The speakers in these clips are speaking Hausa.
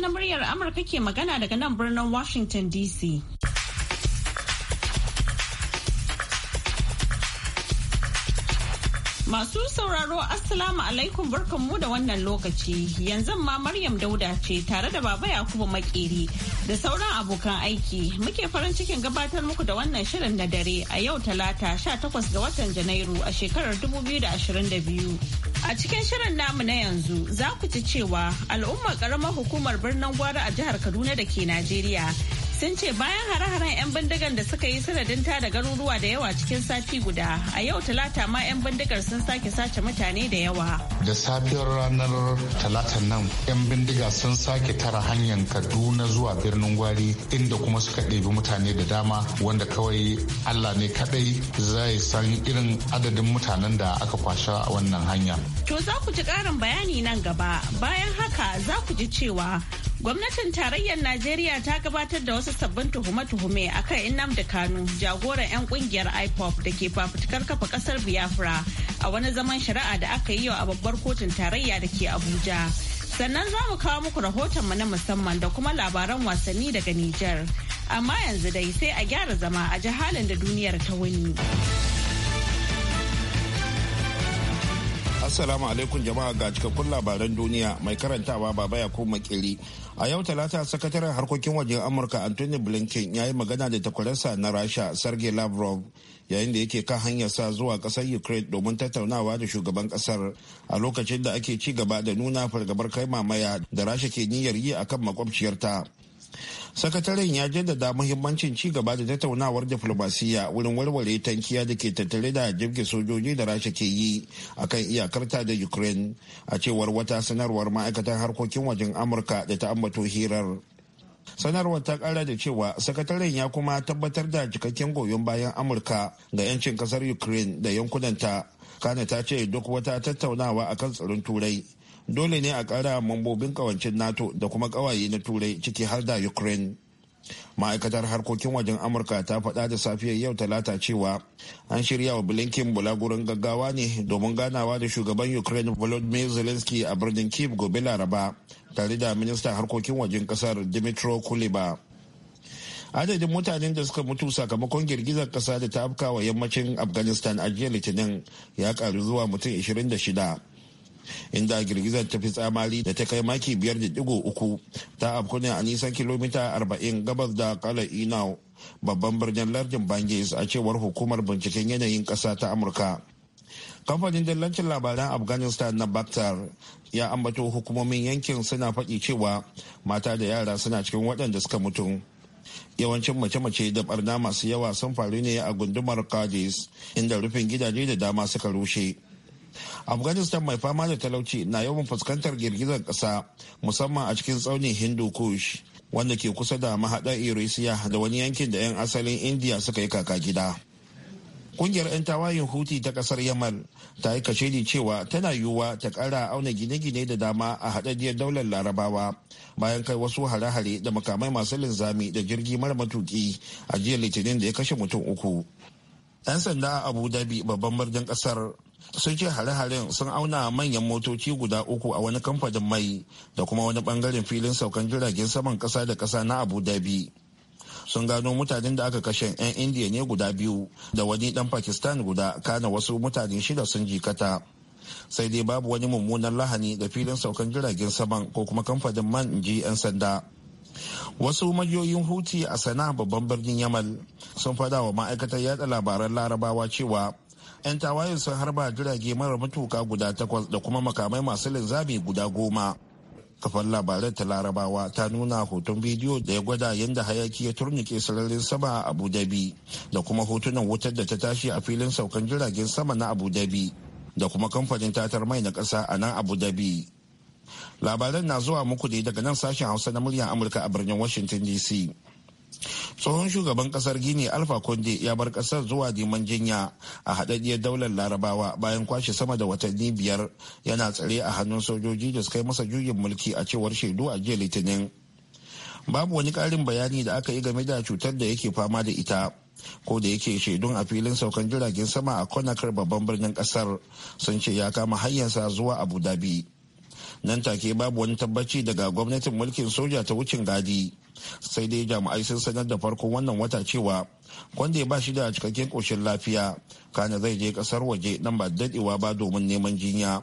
na muryar Amurka ke magana daga nan birnin Washington DC. Masu sauraro Assalamu alaikum barkanmu da wannan lokaci yanzu ma Maryam Dauda ce tare da Baba Yakubu Makeri da sauran abokan aiki muke farin cikin gabatar muku da wannan shirin na dare a yau talata 18 ga watan janairu a shekarar 2022. A cikin shirin namu na yanzu za ku ci cewa al'ummar karamar hukumar birnin gwara a jihar Kaduna da ke Najeriya sun ce bayan hare-haren 'yan bindigar da suka yi sanadin da garuruwa da yawa cikin sati guda a yau talata ma 'yan bindigar sun sake sace mutane da yawa da safiyar ranar talatan nan 'yan bindiga sun sake tara hanyar kaduna zuwa birnin gwari inda kuma suka ɗebi mutane da dama wanda kawai allah ne kadai zai san irin adadin mutanen da aka kwashe a wannan hanya to za ku ji ƙarin bayani nan gaba bayan haka za ku ji cewa Gwamnatin tarayyar Najeriya ta gabatar da wasu sabbin tuhume-tuhume a kan da Kanu, jagoran 'yan kungiyar IPOP da ke fafutukar kafa kasar Biafra a wani zaman shari'a da aka yi yau a babbar kotun tarayya da ke Abuja. Sannan za mu kawo muku rahotonmu na musamman da kuma labaran wasanni daga Nijar. Amma yanzu dai sai a gyara zama a jihalin da duniyar ta wuni. Assalamu alaikum jama'a ga cikakkun labaran duniya mai karantawa baba ya ko A yau talata sakataren harkokin wajen Amurka Anthony Blinken ya yi magana da takwararsa na Rasha Sergei Lavrov yayin da yake kan hanyarsa zuwa ƙasar Ukraine domin tattaunawa da shugaban ƙasar a lokacin da ake ci gaba da nuna fargabar kai mamaya da Rasha ke niyyar yi akan makwabciyarta. sakataren ya jaddada muhimmancin ci gaba da tattaunawar diflomasiyya wurin warware tankiya da ke tattare da jirgin sojoji da rasha ke yi a kan iyakarta da ukraine a cewar wata sanarwar ma'aikatan harkokin wajen amurka da ta ambato hirar sanarwar ta kara da cewa sakataren ya kuma tabbatar da cikakken goyon bayan amurka ga 'yancin kasar ukraine da yankunanta kana ta ce duk wata tattaunawa akan tsaron turai dole ne a kara mambobin kawancin nato da kuma ƙawaye na turai ciki har da ukraine ma'aikatar harkokin wajen amurka ta faɗa da safiyar yau talata cewa an shirya wa blinken bulagurin gaggawa ne domin ganawa da shugaban ukraine volodymyr zelensky a birnin kiev gobe laraba tare da ministan harkokin wajen kasar dimitro kuliba adadin mutanen da suka mutu sakamakon girgizar kasa da ta afka wa yammacin afghanistan a jiya litinin ya karu zuwa mutum 26 inda girgizar ta fi tsamari da ta kai maki biyar da digo uku ta afku ne a nisan kilomita arba'in gabas da kala inau babban birnin lardin bangis a cewar hukumar binciken yanayin ƙasa ta amurka kamfanin dillancin labaran afghanistan na baktar ya ambato hukumomin yankin suna faɗi cewa mata da yara suna cikin waɗanda suka mutu yawancin mace-mace da barna masu yawa sun faru ne a gundumar kadis inda rufin gidaje da dama suka rushe afghanistan mai fama da talauci na yawan fuskantar girgizar ƙasa musamman a cikin tsaunin hindu kush wanda ke kusa da mahaɗar eurasia da wani yankin da 'yan asalin india suka yi kaka gida kungiyar 'yan tawayin huti ta ƙasar yamal ta yi kashedi cewa tana yiwuwa ta kara auna gine-gine da dama a haɗaɗɗiyar daular larabawa bayan kai wasu hare-hare da makamai masu linzami da jirgi mara matuki a jiya litinin da ya kashe mutum uku 'yan sanda a abu dhabi babban birnin ƙasar sun ce hare-haren sun auna manyan motoci guda uku a wani kamfanin mai da kuma wani bangaren filin saukan jiragen saman kasa da kasa na abu dhabi sun gano mutanen da aka kashe 'yan indiya ne guda biyu da wani dan pakistan guda kana wasu mutane shida sun jikata sai dai babu wani mummunan lahani da filin saukan jiragen saman ko kuma kamfanin man ji 'yan sanda wasu majiyoyin huti a sana babban birnin yamal sun fada wa ma'aikatar yada labaran larabawa cewa 'yan tawayen sun harba jirage mara matuka guda takwas da kuma makamai masu linzami guda goma kafan labarai ta larabawa ta nuna hoton bidiyo da ya gwada yadda hayaki ya turnike sararin sama a abu dhabi da kuma hotunan wutar da ta tashi a filin saukan jiragen sama na abu dhabi da kuma kamfanin tatar mai na ƙasa a nan abu dhabi labaran na zuwa muku ne daga nan sashen hausa na muryar amurka a birnin washington dc tsohon shugaban kasar gini alfa konde ya bar kasar zuwa neman jinya a haɗaɗɗiyar daular larabawa bayan kwashe sama da watanni biyar yana tsare a hannun sojoji da suka yi masa juyin mulki a cewar shaidu a jiya litinin babu wani ƙarin bayani da aka yi game da cutar da yake fama da ita ko da yake shaidun a filin saukan jiragen sama a konakar babban birnin kasar sun ce ya kama hanyarsa zuwa abu dhabi nan take babu wani tabbaci daga gwamnatin mulkin soja ta wucin gadi sai dai jami'ai sun sanar da farkon wannan wata cewa kwande ba shi da cikakken koshin lafiya kana zai je kasar waje nan ba dadewa ba domin neman jinya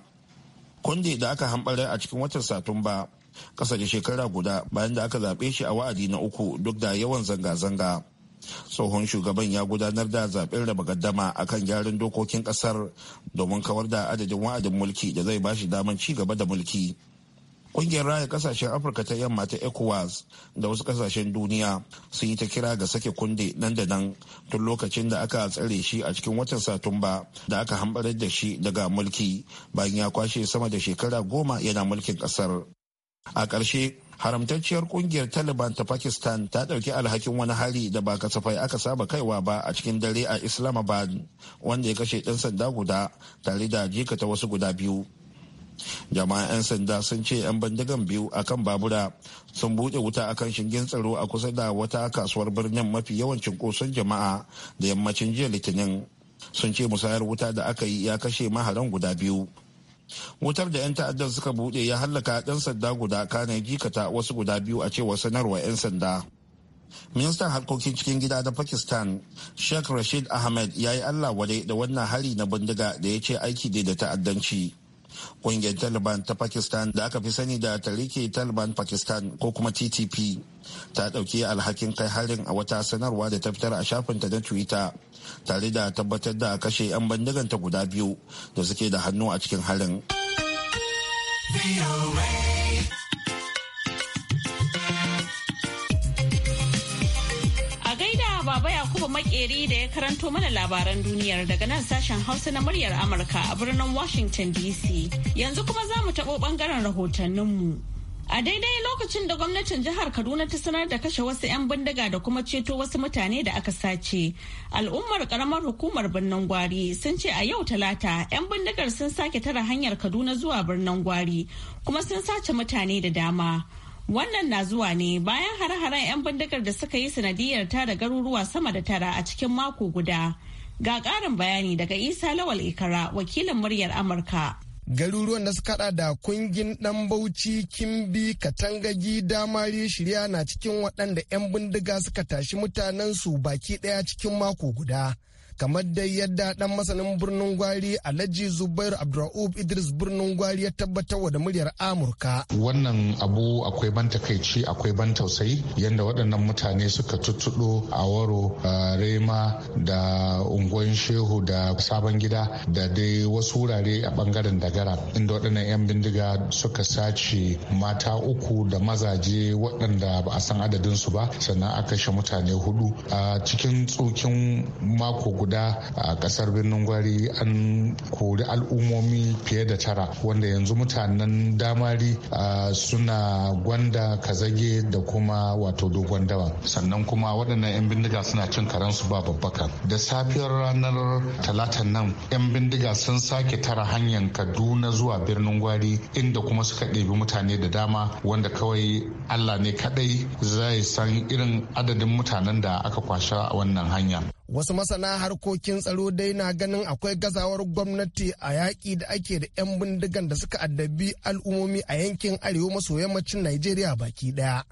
kunde da aka hambare a cikin watan satumba kasa da shekara guda bayan da aka zaɓe shi a wa'adi na uku duk da yawan zanga-zanga tsohon shugaban ya gudanar da zaɓen raba gaddama a kan gyaran dokokin ƙasar domin kawar da adadin wa'adin mulki da zai ba shi daman ci gaba da mulki kungiyar raya kasashen afirka ta yamma ta ecowas da wasu kasashen duniya sun yi ta kira ga sake kunde nan da nan tun lokacin da aka tsare shi a cikin watan satumba da aka hambarar da shi daga mulki bayan ya kwashe sama da shekara goma yana mulkin kasar a ƙarshe haramtacciyar kungiyar taliban ta pakistan ta ɗauki alhakin wani hari da ba kasafai aka saba kaiwa ba a cikin dare a islamabad wanda ya kashe ɗan sanda guda tare da jikata wasu guda biyu jama'an 'yan sanda sun ce 'yan bindigan biyu akan babura sun buɗe wuta akan shingen tsaro a kusa da wata kasuwar birnin mafi yawan cunkoson jama'a da yammacin jiya litinin sun ce musayar wuta da aka yi ya kashe maharan guda biyu wutar da 'yan ta'addan suka buɗe ya hallaka ɗan sanda guda kana jikata wasu guda biyu a cewar sanarwa 'yan sanda ministan harkokin cikin gida na pakistan sheikh rashid ahmed ya yi allah wadai da wannan hari na bindiga da ya ce aiki da ta'addanci kungiyar taliban ta pakistan da aka fi sani da tariki taliban pakistan ko kuma ttp ta ɗauki alhakin kai harin a wata sanarwa da ta fitar a shafinta na twitter tare da tabbatar da kashe 'yan bandiganta guda biyu da suke da hannu a cikin harin. Makeri da ya karanto mana labaran duniyar daga nan sashen Hausa na muryar Amurka a birnin Washington DC. Yanzu kuma za mu taɓo ɓangaren rahotanninmu. A daidai lokacin da gwamnatin jihar Kaduna ta sanar da kashe wasu 'yan bindiga da kuma ceto wasu mutane da aka sace. Al'ummar karamar hukumar birnin Gwari sun ce a yau talata 'yan bindigar sun sake tara hanyar Kaduna zuwa birnin Gwari kuma sun sace mutane da dama. Wannan na zuwa ne bayan hare-haren 'yan bindigar da suka yi sanadiyar tara garuruwa sama da tara a cikin mako guda. Ga ƙarin bayani daga Isa Lawal Ikara, wakilin muryar Amurka. Garuruwan da suka da kungin ɗan bauchi, kimbi, katangagi, damari, shirya na cikin waɗanda 'yan bindiga suka tashi mutanensu baki ɗaya cikin mako guda. kamar dai yadda dan masanin birnin gwari alhaji zubair abdurraub idris birnin gwari ya tabbatar da muryar amurka wannan abu akwai ban takaici akwai ban tausayi yadda waɗannan mutane suka tuttuɗo a waro rema da unguwan shehu da sabon gida da dai wasu wurare a ɓangaren dagara inda waɗannan 'yan bindiga suka sace mata uku da mazaje waɗanda ba a san adadinsu ba sannan aka shi mutane hudu a cikin tsokin mako guda guda a kasar birnin gwari an kori al'ummomi fiye da tara wanda yanzu mutanen damari suna gwanda kazage da kuma wato dogon dawa sannan kuma waɗannan 'yan bindiga suna cin karansu ba babbaka da safiyar ranar talatan nan 'yan bindiga sun sake tara hanyar kaduna zuwa birnin gwari inda kuma suka ɗebi mutane da dama wanda kawai allah ne kaɗai zai san irin adadin mutanen da aka kwasha a wannan hanya wasu masana harkokin tsaro dai na ganin akwai gazawar gwamnati a yaƙi da ake da 'yan bindigan da suka addabi al'ummomi a yankin arewa maso yammacin najeriya baki ɗaya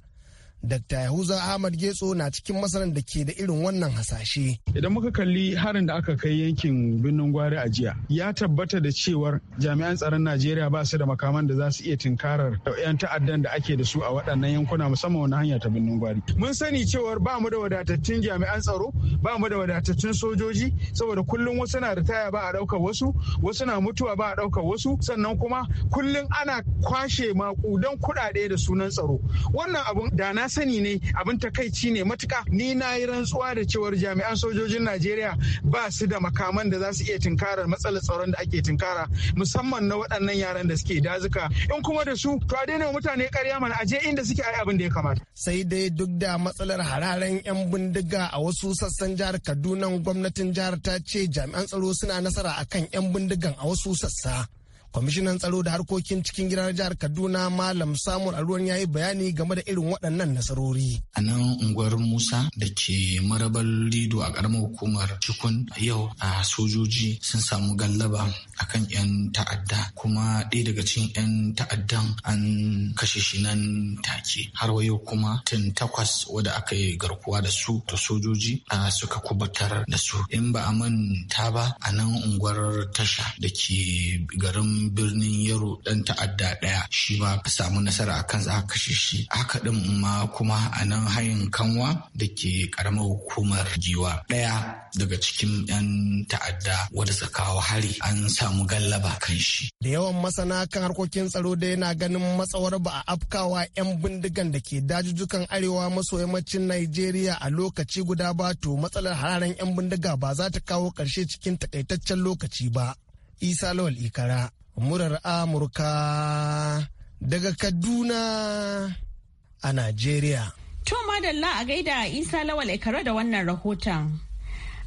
Dr. Yahuza Ahmad Getso na cikin masarar da ke da irin wannan hasashe. Idan muka kalli harin da aka kai yankin birnin gwari a jiya, ya tabbata da cewar jami'an tsaron Najeriya ba su da makaman da za su iya tinkarar 'yan ta'addan da ake da su a waɗannan yankuna musamman wani hanya ta birnin gwari. Mun sani cewar ba mu da wadatattun jami'an tsaro, ba mu da wadatattun sojoji, saboda kullum wasu na ritaya ba a ɗaukar wasu, wasu na mutuwa ba a ɗaukar wasu, sannan kuma kullum ana kwashe maƙudan kuɗaɗe da sunan tsaro. Wannan abun da na sani ne abin takaici ne matuka ni na yi rantsuwa da cewar jami'an sojojin najeriya ba su da makaman da za su iya tunkarar matsalar tsaron da ake tunkara musamman na waɗannan yaran da suke dazuka in kuma da su to a daina mutane karya mana aje inda suke ai abin da ya kamata sai dai duk da matsalar hararen yan bindiga a wasu sassan jihar kaduna gwamnatin jihar ta ce jami'an tsaro suna nasara akan yan bindigan a wasu sassa kwamishinan tsaro da harkokin cikin gidan jihar kaduna malam samun aruwan ya yi bayani game da irin waɗannan nasarori a nan unguwar musa da ke marabar lido a ƙaramar hukumar cikun yau a sojoji sun samu gallaba akan 'yan ta'adda kuma ɗaya daga cikin 'yan ta'addan an kashe shi nan take har wayo kuma tun takwas wadda aka yi garkuwa da su to sojoji a suka kubatar da su in ba a manta ba a nan unguwar tasha da ke garin birnin yaro dan ta'adda daya shi ma ka samu nasara a za ka kashe shi haka din ma kuma a nan hayin kanwa da ke karamar hukumar giwa daya daga cikin yan ta'adda wanda suka hari an samu gallaba kan shi da yawan masana kan harkokin tsaro da yana ganin matsawar ba a afkawa yan bindigan da ke dajujjukan arewa maso yammacin Najeriya a lokaci guda ba to matsalar hararen yan bindiga ba za ta kawo ƙarshe cikin takaitaccen lokaci ba. Isa Lawal Ikara murar Amurka daga Kaduna a Najeriya. To madalla a gaida Isa Lawal Ikara da wannan rahoton.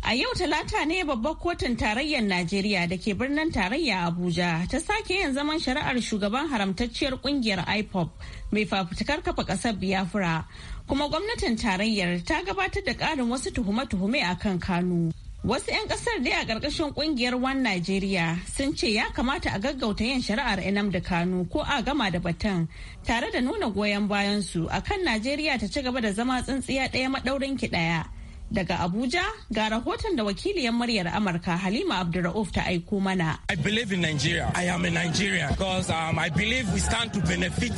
A yau talata ne babbar kotun tarayyar Najeriya da ke birnin tarayya Abuja ta sake yin zaman shari'ar shugaban haramtacciyar kungiyar IPOP mai fafutukar kafa ƙasar Biafra. Kuma gwamnatin tarayyar ta gabatar da ƙarin wasu tuhume-tuhume a kan Kano. Wasu 'yan kasar dai a ƙarƙashin ƙungiyar One Nigeria sun ce ya kamata a gaggauta yin shari'ar da Kanu ko a gama da batun tare da nuna goyon bayansu a kan Najeriya ta ci gaba da zama tsintsiya ɗaya maɗaurin ki ɗaya. Daga Abuja ga rahoton da wakiliyar muryar Amurka Halima Abdulrauf ta aiko mana. I believe in Nigeria. I am a Nigerian because um, I believe we stand to benefit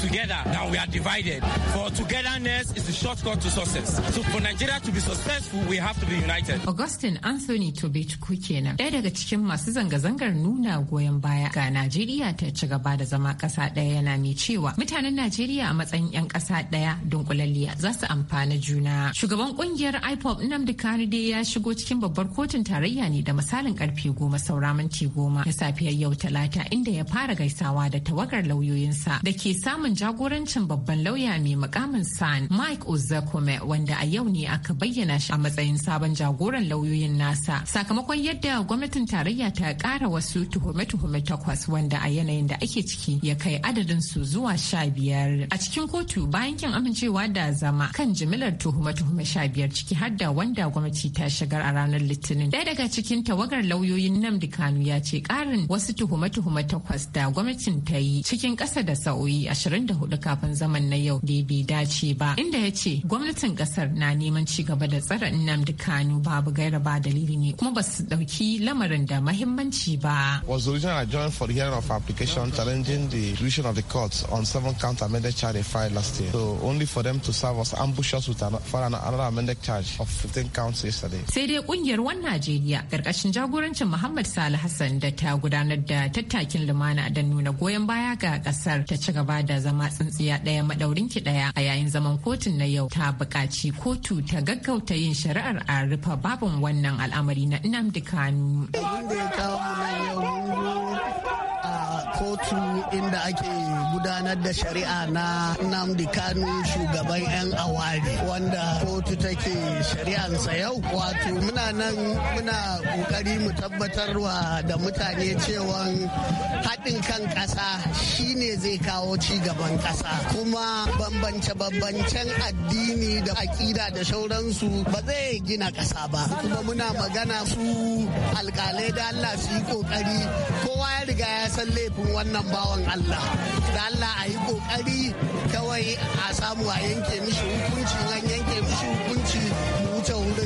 together than we are divided. For togetherness is the shortcut to success. So for Nigeria to be successful, we have to be united. Augustine Anthony Tobechukwu kenan. Ɗaya daga cikin masu zanga-zangar nuna goyon baya ga Najeriya ta ci gaba da zama ƙasa ɗaya yana mai cewa mutanen Najeriya a matsayin 'yan ƙasa ɗaya dunkulalliya za su amfana juna. Shugaban ƙungiyar ipob nnamdi kanu dai ya shigo cikin babbar kotun tarayya ne da misalin karfe goma saura minti goma na safiyar yau talata inda ya fara gaisawa da tawagar lauyoyinsa da ke samun jagorancin babban lauya mai mukamin san mike ozakome wanda a yau ne aka bayyana shi a matsayin sabon jagoran lauyoyin nasa sakamakon yadda gwamnatin tarayya ta kara wasu tuhume-tuhume takwas wanda a yanayin da ake ciki ya kai adadin su zuwa sha biyar a cikin kotu bayan kin amincewa da zama kan jimilar tuhume-tuhume sha biyar ciki har da wanda gwamnati ta shigar a ranar Litinin. Daya daga cikin tawagar lauyoyin namdi Kanu ya ce karin wasu tuhume-tuhume takwas da gwamnatin ta yi cikin ƙasa da sa'o'i 24 kafin zaman na yau da bai dace ba. Inda ya ce gwamnatin ƙasar na neman ci gaba da tsare namdi Kanu babu gaira ba dalili ne kuma ba su ɗauki lamarin da mahimmanci ba. Was originally adjourned for the hearing of application challenging the decision of the court on seven counts amended charge they filed last year. So only for them to serve us ambush with an for another amended charge of 15 counts yesterday. Sai dai kungiyar Wan Najeriya karkashin jagorancin Muhammad Salih Hassan da ta gudanar da tattakin lumana da nuna goyon baya ga kasar ta ci gaba da zama tsintsiya ɗaya madaurin ki ɗaya a yayin zaman kotun na yau ta bukaci kotu ta gaggauta yin shari'ar a rufe babin wannan al'amari na Nnamdi Kanu. kotu inda ake gudanar da shari'a na Nnamdi Kanu shugaban 'yan awari wanda kotu take shari'ansa yau wato muna nan muna kokari mu tabbatarwa da mutane cewa haɗin kan ƙasa shine zai kawo ci gaban ƙasa kuma bambance-bambancen addini da aƙida da shauransu ba zai gina ƙasa ba kuma muna magana su alƙalai da Allah su yi ƙoƙari kowa ya riga ya san laifin wannan bawan Allah da Allah a yi kokari kawai a samu a yanke mishi hukunci ran yanke mishi hukunci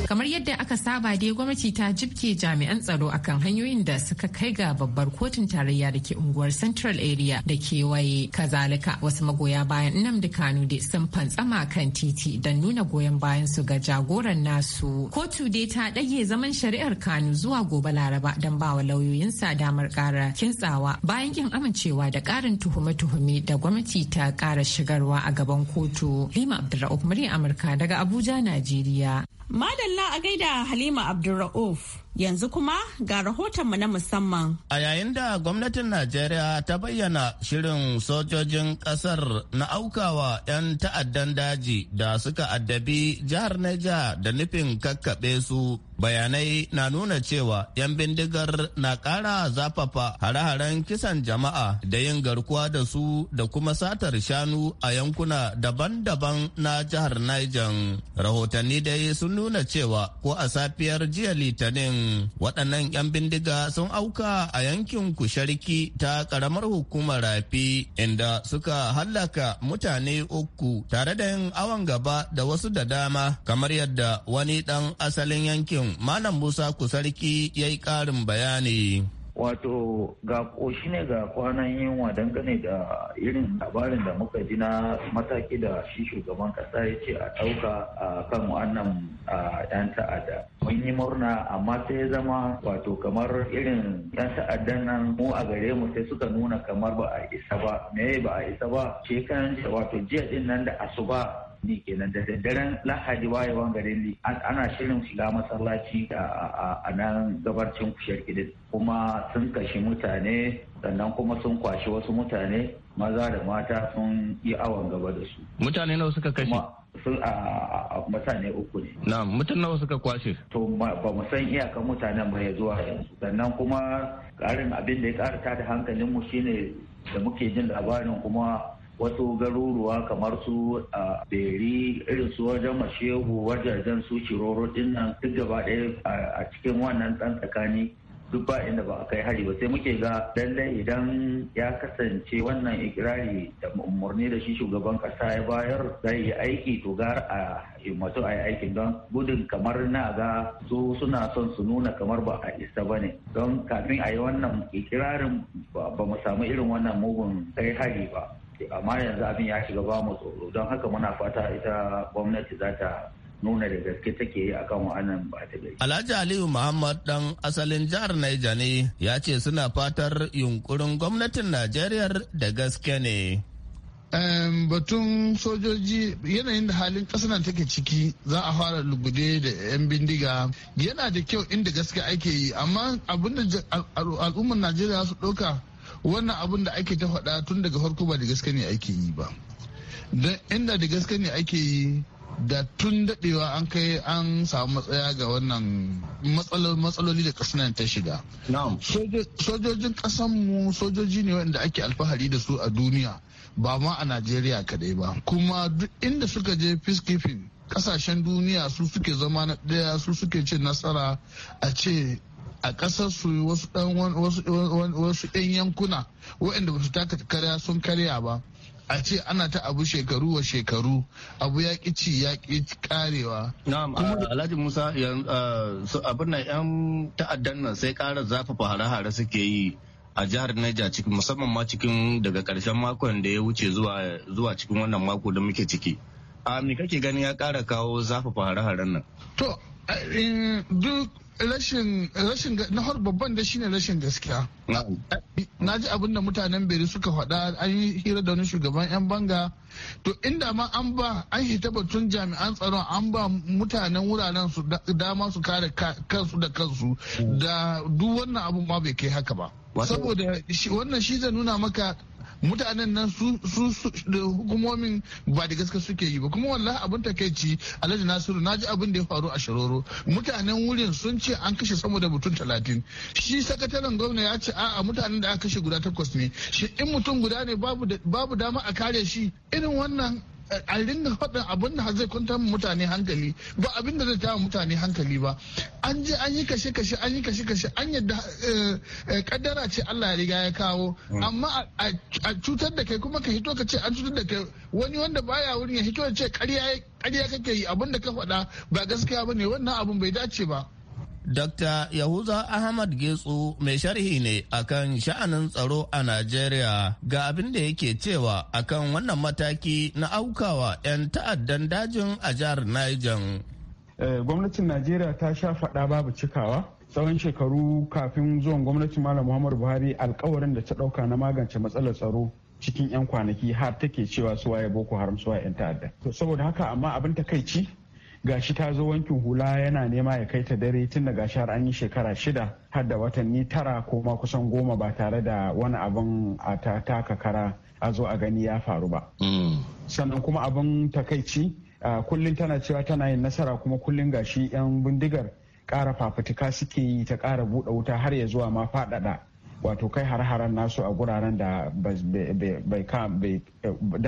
kamar yadda aka saba dai gwamnati ta jibke jami'an tsaro akan hanyoyin da suka kai ga babbar kotun tarayya da ke unguwar central area da kewaye kazalika wasu magoya bayan nnamdi kanu dai sun fantsama kan titi don nuna goyon bayan su ga jagoran nasu kotu dai ta ɗage zaman shari'ar kanu zuwa gobe laraba don ba wa lauyoyinsa damar kara kintsawa bayan kin amincewa da ƙarin tuhume-tuhume da gwamnati ta kara shigarwa a gaban kotu lima abdulra'uf murya amurka daga abuja najeriya Madalla a gaida Halima Abdulra'uf. Yanzu kuma ga rahotonmu na musamman. A yayin da gwamnatin Najeriya ta bayyana shirin sojojin ƙasar na aukawa 'yan ta'addan daji da suka addabi jihar Neja da nufin kakkaɓe su bayanai na nuna cewa 'yan bindigar na ƙara zafafa hare-haren kisan jama'a da yin garkuwa da su da kuma satar shanu a yankuna daban-daban na jihar Niger. Rahotanni dai sun nuna cewa ko a safiyar jiya Litinin waɗannan 'yan bindiga sun auka a yankin Kusharki ta karamar hukumar Rafi inda suka hallaka mutane uku tare da yin awon gaba da wasu da dama kamar yadda wani ɗan asalin yankin malam musa kusarki ya yi ƙarin bayani wato ga koshi ne ga kwanan yunwa dangane da irin labarin da muka ji na mataki da shi shugaban ƙasa ya ce a ɗauka a kan wannan yan ta'adda mun yi murna amma sai zama wato kamar irin yan ta'addan nan mu a gare mu sai suka nuna kamar ba a isa ba me ba a isa ba shekaran wato jiya din nan da asuba ne kenan da daddaren lahadi wayewan garin ana shirin shiga masallaci a nan gabarcin kushar kidin kuma sun kashi mutane sannan kuma sun kwashi wasu mutane maza da mata sun yi awon gaba da su mutane nawa suka kashe sun a mutane uku ne. Na mutum nawa suka kwashe? To ba mu san iyakan mutanen ba ya zuwa yanzu. Sannan kuma karin abin da ya karata da hankalin mu shine da muke jin labarin kuma wasu garuruwa kamar su a beri irin su wajen mashehu wajajen su shiroro din nan duk gaba ɗaya a cikin wannan ɗan tsakani duk ba inda ba a kai hari ba sai muke ga lallai idan ya kasance wannan ikirari da umarni da shi shugaban kasa ya bayar zai yi aiki to gara a himmatu a yi aikin don gudun kamar na ga su suna son su nuna kamar ba a isa ba ne don kafin a yi wannan ikirarin ba mu samu irin wannan mugun kai hari ba amma yanzu abin ya shiga ba mu tsoro don haka muna fata ita gwamnati za ta nuna da gaske take yi akan wa'annan ba ta gari. Alhaji Aliyu Muhammad dan asalin jihar Naija ne ya ce suna fatar yunkurin gwamnatin Najeriya da gaske ne. batun sojoji yanayin da halin ƙasar take ciki za a fara lugude da 'yan bindiga yana da kyau inda gaske ake yi amma abinda al'ummar najeriya su ɗauka wannan abin da ake ta faɗa tun daga farko ba da gaske ne ake yi ba don inda da gaske ne ake yi da tun daɗewa an kai an samu matsaya ga wannan matsaloli da ƙasar ta shiga sojojin mu sojoji ne wanda ake alfahari da su a duniya ba ma a najeriya kadai ba kuma duk inda suka je peacekeeping kasashen duniya su suke zama na ɗaya su suke ce nasara a ce a ƙasar su wasu ɗan wasu ɗan yankuna waɗanda ba su taka karya sun karya ba a ce ana ta abu shekaru wa shekaru abu ya ci ya karewa. Na'am Alhaji Musa abin na yan ta'addan nan sai ƙara zafafa hare-hare suke yi a jihar Niger cikin musamman ma cikin daga ƙarshen makon da ya wuce zuwa cikin wannan mako da muke ciki. A me kake gani ya ƙara kawo zafafa hare-haren nan? To duk rashin na har babban da shine rashin gaskiya na ji abin da mutanen beri suka faɗa an yi hira da wani shugaban yan banga to inda ma an ba an hita batun jami'an tsaron an ba mutanen wuraren su dama su kare kansu da kansu da duk wannan abun ma bai kai haka ba saboda wannan shi zai nuna maka mutanen nan su hukumomin ba da gaske suke yi ba kuma wallah abin takaici alhaji nasiru na ji abin da ya faru a shiroro mutanen wurin sun ce an kashe sama da mutum talatin shi sakataren gwamna ya ce a'a mutanen da aka kashe guda takwas ne shi in mutum guda ne babu dama a kare shi irin wannan al ringa faɗin abin da zai kwanta mutane hankali ba abin da zai tawa mutane hankali ba an je an yi kashe kashe an yi kashe kashe an yadda eh, eh, kaddara ce Allah ya riga ya kawo mm. amma a cutar da kai kuma ka hito ka ce an cutar da kai wani wanda baya wurin ya hito ya ce karya kake yi abin da ka faɗa ba gaskiya ne wannan abin bai dace ba Dr. Yahuza Ahmad Getsu mai sharhi ne akan sha'anin tsaro a Najeriya ga abin da yake cewa akan wannan mataki na aukawa 'yan ta'addan dajin a jihar Niger. Eh, gwamnatin Najeriya ta sha faɗa babu cikawa tsawon shekaru kafin zuwan gwamnatin Malam Muhammadu Buhari alkawarin da ta ɗauka na magance matsalar tsaro cikin 'yan kwanaki har take cewa suwaye Boko Haram suwaye 'yan ta'adda. saboda haka amma abin takaici gashi ta zo wankin hula yana nema ya kai ta dare tun da gashi har an yi shekara shida har da watanni tara ko ma kusan goma ba tare da wani abin a ta taka kara a zo a gani ya faru ba. Mm. Sannan kuma abin takaici kullum tana cewa tana yin nasara kuma kullum gashi 'yan bindigar kara fafutuka suke yi ta kara buɗe wuta har ya zuwa ma faɗaɗa wato kai har-haren nasu a guraren da bai da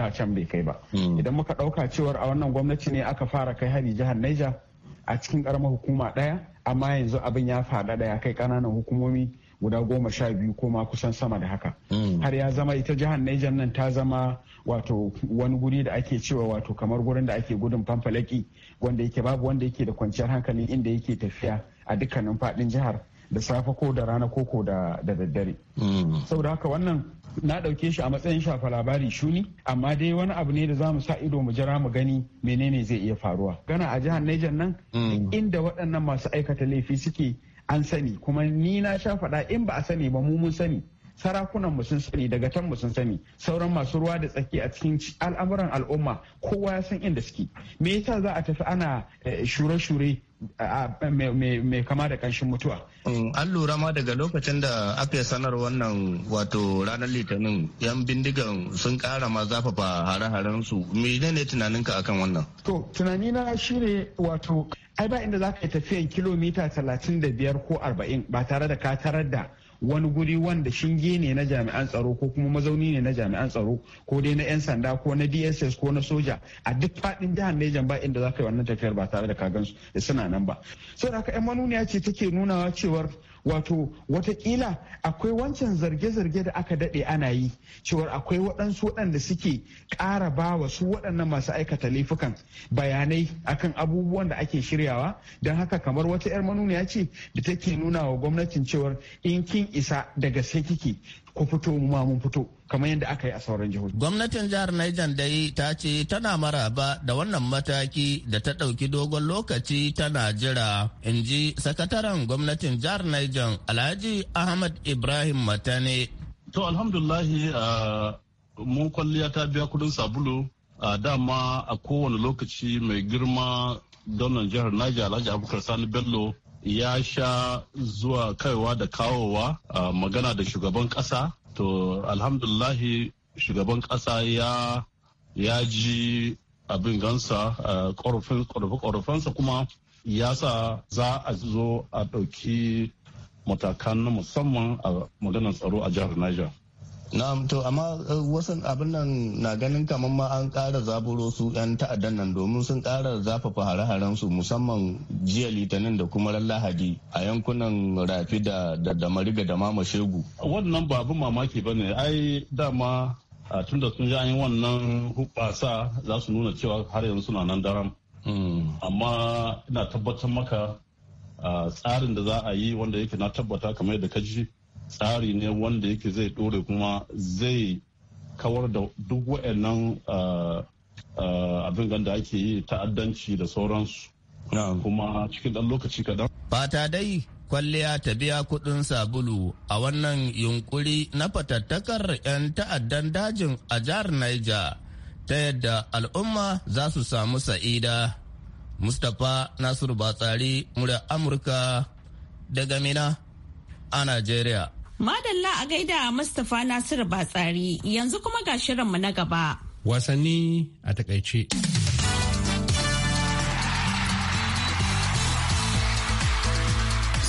can bai kai ba hmm. idan muka ɗauka cewar a wannan gwamnati ne aka fara kai hari jihar Niger a cikin karamar hukuma ɗaya amma yanzu abin ya faɗaɗa ya kai kananan hukumomi guda goma sha biyu ko ma kusan sama da haka hmm. har ya zama ita jihar Niger nan ta zama wato wani guri da ake cewa wato kamar gurin da ake gudun fanfalaki wanda yake babu wanda yake da kwanciyar hankali inda yake tafiya a dukkanin faɗin jihar da safe ko da rana ko da da daddare mm. saboda haka wannan na ɗauke shi a matsayin shafa labari shuni amma dai wani abu ne da za mu sa ido mu jira mu gani menene zai iya faruwa gana a jihar Niger nan mm. inda waɗannan masu aikata laifi suke an sani kuma ni na sha faɗa in ba a sani ba mu mun sani sarakunan mu sun sani daga can mu sun sani sauran masu ruwa da tsaki a cikin al'amuran al'umma kowa ya san inda suke me yasa za a tafi ana eh, shure-shure mai kama da kanshin mutuwa. Mm, an lura ma daga lokacin da aka sanar wannan wato ranar litinin yan bindigan sun kara ma zafafa hare-haren su menene tunaninka akan wannan? To tunani na shine wato ai ba inda za ka yi tafiyan kilomita 35 ko 40 ba tare da ka tarar da wani guri wanda shinge ne na jami'an tsaro ko kuma mazauni ne na jami'an tsaro ko dai na 'yan sanda ko na dss ko na soja a duk faɗin jihar nejan ba inda za ka yi wannan tafiyar ba tare da kagansu da suna nan ba saboda haka 'yan manuniya ce take nunawa cewar wato watakila akwai wancan zarge-zarge da aka dade ana yi cewar akwai waɗansu waɗanda suke ƙara ba wa su waɗannan masu aikata laifukan bayanai akan abubuwan da ake shiryawa don haka kamar wata 'yar manuniya ce da take nuna wa gwamnatin cewar in kin isa daga sai kike ku fito mu ma mun fito kamar yadda aka yi a sauran jihohi. Gwamnatin jihar Niger dai ta ce tana maraba da wannan mataki da ta ɗauki dogon lokaci tana jira. In ji sakataren gwamnatin jihar Niger Alhaji Ahmad Ibrahim Matane. To alhamdulahi mun kwalliya ta biya kudin sabulu a dama a kowane lokaci mai girma gwamnan jihar Niger Alhaji Abubakar Sani Bello ya sha zuwa kaiwa da kawowa a magana da shugaban kasa to alhamdulahi shugaban kasa ya ya ji abin gansa a kuma ya sa za a zo a ɗauki matakan na musamman a maganar tsaro a jihar Niger. na to amma eh, wasu abin nan na ganin kamar ma an kara zaburo su 'yan ta'addan nan domin sun kara zafafa hare-haren su musamman jiya litinin da kuma ran lahadi a yankunan rafi da da mariga da mama shegu wannan ba abin mamaki ba ne ai dama tun da sun yi wannan hubasa za su nuna cewa har yanzu suna nan daram hmm. amma ina tabbatar maka tsarin da za a yi wanda yake na tabbata kamar yadda ka ji tsari ne wanda yake zai dore kuma zai kawar da duk wa'annan abin ganda ake yi ta'addanci da sauransu kuma cikin ɗan lokaci kaɗan. fata dai kwalliya ta biya kudin sabulu a wannan yunkuri na fatattakar 'yan ta'addan dajin a jihar Niger ta yadda al'umma za su samu sa'ida. Mustapha Nasiru Batsari, murar Amurka daga Mina a Najeriya. Madalla a gaida Mustapha Nasiru Batsari yanzu kuma ga shirinmu na gaba. Wasanni a takaice.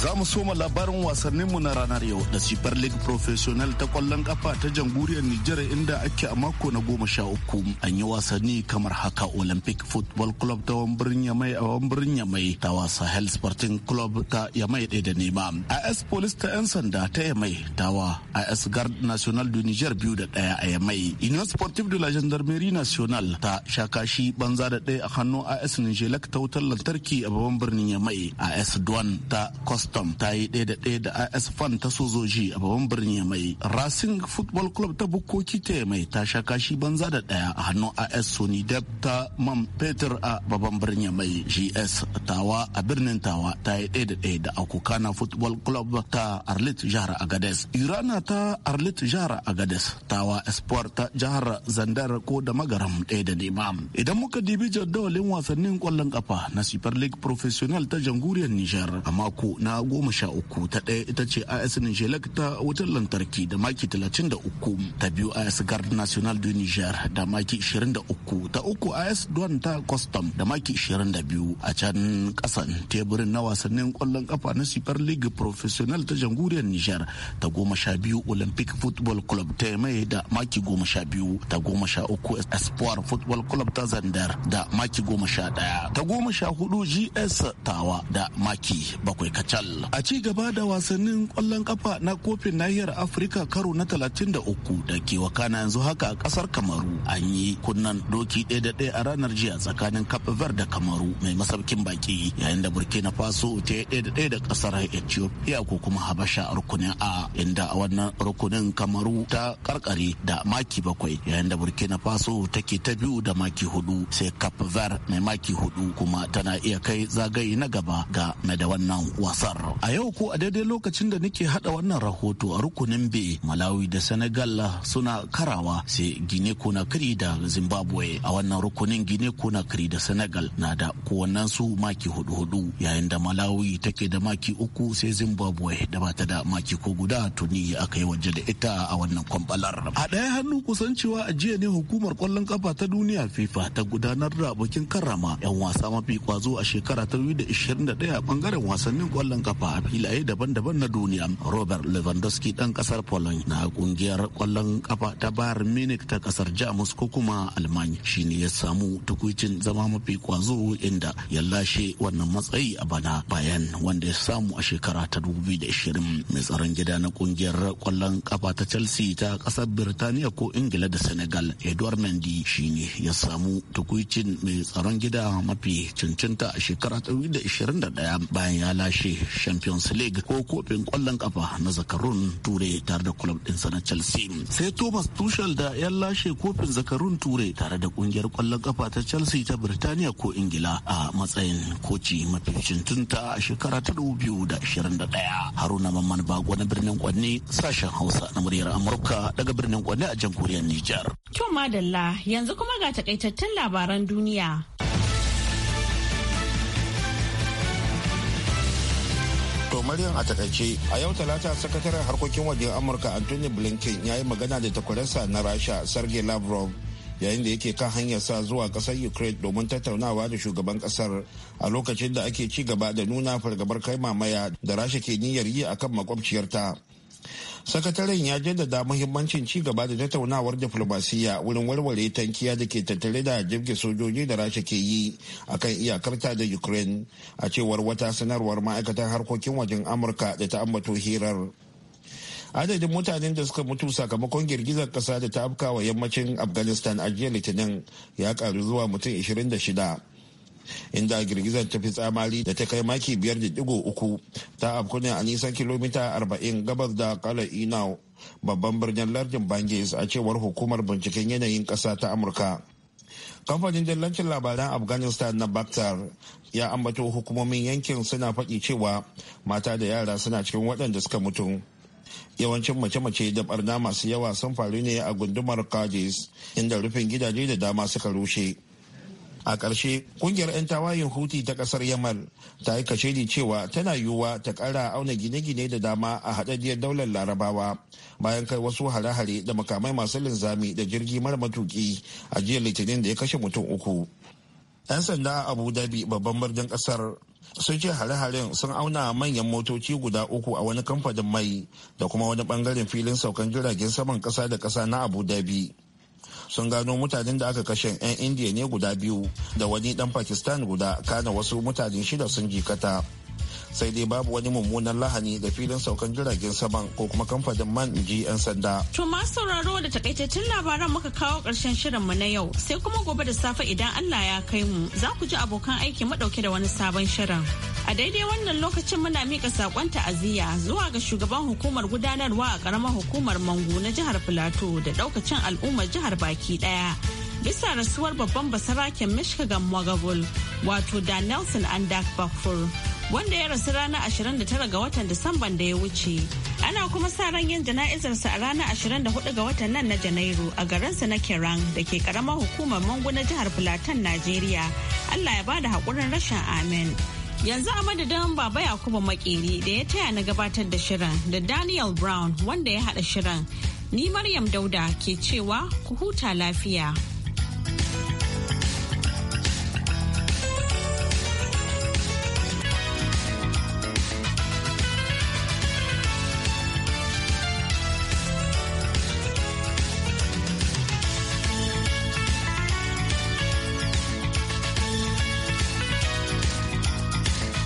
Za mu soma labarin wasannin mu na ranar yau da Super League Professional ta kwallon kafa ta jamhuriyar Nijar inda ake a mako na goma sha uku. An yi wasanni kamar haka Olympic Football Club ta wambirin Yamai a wambirin Yamai ta wasa Hell Sporting Club ta Yamai ɗaya da nema. is Police ta 'yan sanda ta Yamai ta wa AS Guard National du Nijar biyu da ɗaya a Yamai. Union Sportive de la Gendarmerie National ta sha kashi banza da ɗaya a hannun is Nijelak ta wutar lantarki a babban birnin Yamai. s Duan ta cost tom ta yi ɗaya da ɗaya da as fan ta sojoji a babban birni mai racing football club ta bukoki ta mai ta sha kashi banza da ɗaya a hannun as sony dab ta man peter a babban birni mai gs tawa a birnin tawa ta yi ɗaya da ɗaya da akukana football club ta arlit jihar agades irana ta arlit jihar agades tawa espoir ta jihar zandar ko da magaram ɗaya da nema idan muka dibi jadawalin wasannin kwallon kafa na super league professional ta jamhuriyar nijar a mako na goma sha uku ta ɗaya ita ce as nijelek ta wutar lantarki da maki talatin da uku ta biyu as guard national du niger da maki ishirin da uku ta uku as duwan ta custom da maki ishirin da biyu a can kasan teburin na wasannin kwallon kafa na super league professional ta jamhuriyar niger ta goma sha biyu olympic football club ta mai da maki goma sha biyu ta goma sha uku espoir football club ta zandar da maki goma sha ɗaya ta goma sha hudu gs tawa da maki bakwai kacal A ci gaba da wasannin kwallon kafa na kofin nahiyar Afirka karo na 33 da ke wakana yanzu haka a kasar Kamaru an yi kunnan doki ɗaya da ɗaya a ranar jiya tsakanin Cape Verde da Kamaru mai masaukin baki yayin da Burkina Faso ta yi ɗaya da ɗaya da kasar Ethiopia ko kuma Habasha a rukunin A inda wannan rukunin Kamaru ta karkare da maki bakwai yayin da Burkina Faso take ta biyu da maki hudu sai Cape Verde mai maki hudu kuma tana iya kai zagaye na gaba ga da wannan wasar. A yau ko a daidai lokacin da nake hada wannan rahoto a rukunin B Malawi da Senegal suna karawa sai Gine Conakry da Zimbabwe. A wannan rukunin Gine Conakry da Senegal na da kowannen su maki hudu hudu yayin da Malawi take da maki uku sai Zimbabwe da bata da maki ko guda tuni aka yi waje da ita a wannan kwambalar. A ɗaya hannu kusan cewa a jiya ne hukumar kwallon kafa ta duniya FIFA ta gudanar da bakin karrama 'yan wasa mafi kwazo a shekara ta 2021 bangaren wasannin kwallon kafa a filaye daban-daban na duniya robert lewandowski dan kasar poland na kungiyar kwallon kafa ta bayar munich ta kasar jamus ko kuma almanya shine ya samu tukucin zama mafi kwazo inda ya lashe wannan matsayi a bana bayan wanda ya samu a shekara ta 2020 mai tsaron gida na kungiyar kwallon kafa ta chelsea ta kasar birtaniya ko ingila da senegal edward mendy shine ya samu tukuicin mai tsaron gida mafi cancanta a shekara ta 2021 bayan ya lashe champions league ko kofin kwallon kafa na zakarun ture tare da club ɗinsa na chelsea sai thomas tuchel da ya lashe kofin zakarun ture tare da kungiyar kwallon kafa ta chelsea ta birtaniya ko ingila a matsayin koci mafi tunta a shekara ta 2021 haruna mamman bago na birnin kwanne sashen hausa na muryar amurka daga birnin kwanne a jamhuriyar niger. to madalla yanzu kuma ga takaitattun labaran duniya maryam a takaice a yau talata sakataren harkokin wajen amurka anthony blinken ya yi magana da takwarensa na rasha sarge lavrov yayin da yake kan hanyar sa zuwa kasar ukraine domin tattaunawa da shugaban kasar a lokacin da ake ci gaba da nuna fargabar kai mamaya da rasha ke niyyar yi akan makwabciyarta sakataren ya jaddada muhimmancin ci gaba da tattaunawar diflomasiya wurin warware tankiya da ke tattare da jirgin sojoji da rasha ke yi a kan iyakarta da ukraine a cewar wata sanarwar ma'aikatan harkokin wajen amurka da ta ambato hirar adadin mutanen da suka mutu sakamakon girgizar kasa da ta afkawa yammacin afghanistan a jiya litinin ya karu zuwa mutum 26 inda girgizar ta fi tsamari da ta kai maki biyar da digo uku ta afku ne a nisan kilomita arba'in gabas da kala inau babban birnin lardin bangis a cewar hukumar binciken yanayin ƙasa ta amurka kamfanin dillancin labaran afghanistan na baktar ya ambato hukumomin yankin suna faɗi cewa mata da yara suna cikin waɗanda suka mutu yawancin mace-mace da barna masu yawa sun faru ne a gundumar kajis inda rufin gidaje da dama suka rushe a ƙarshe ƙungiyar 'yan tawayin huti ta ƙasar yamal ta yi kashedi cewa tana yiwuwa ta ƙara auna gine-gine da dama a haɗaɗɗiyar daular larabawa bayan kai wasu hare-hare da makamai masu linzami da jirgi mara matuki a jiya litinin da ya kashe mutum uku 'yan sanda a abu dhabi babban birnin ƙasar sun ce hare-haren sun auna manyan motoci guda uku a wani kamfanin mai da kuma wani bangaren filin saukan jiragen saman ƙasa da ƙasa na abu dhabi sun gano mutanen da aka kashe 'yan indiya ne guda biyu da wani dan pakistan guda kana wasu mutane shida sun jikata sai dai babu wani mummunan lahani da filin saukan jiragen saman ko kuma kamfanin man ji 'yan sanda. To masu sauraro da takaitaccen labaran muka kawo ƙarshen shirin mu na yau sai kuma gobe da safe idan Allah ya kai mu za ku ji abokan aiki madauke da wani sabon shirin. A daidai wannan lokacin muna mika sakon ta'aziyya zuwa ga shugaban hukumar gudanarwa a karamar hukumar Mangu na jihar Filato da ɗaukacin al'ummar jihar baki ɗaya. Bisa rasuwar babban basarakin Michigan Mogabul wato da Nelson Andak Bakfur. wanda ya rasu ranar 29 ga watan Disamban da ya wuce. Ana kuma sa ran yin jana'izarsa a ranar 24 ga watan nan na Janairu a garinsa na kiran da ke karamar hukumar Mangu na jihar Filatan, Najeriya. Allah ya bada haƙurin rashin amin. Yanzu a madadin Baba Yakubu Makeri da ya taya na gabatar da shirin da Daniel Brown wanda ya haɗa shirin. Ni Maryam Dauda ke cewa ku huta lafiya.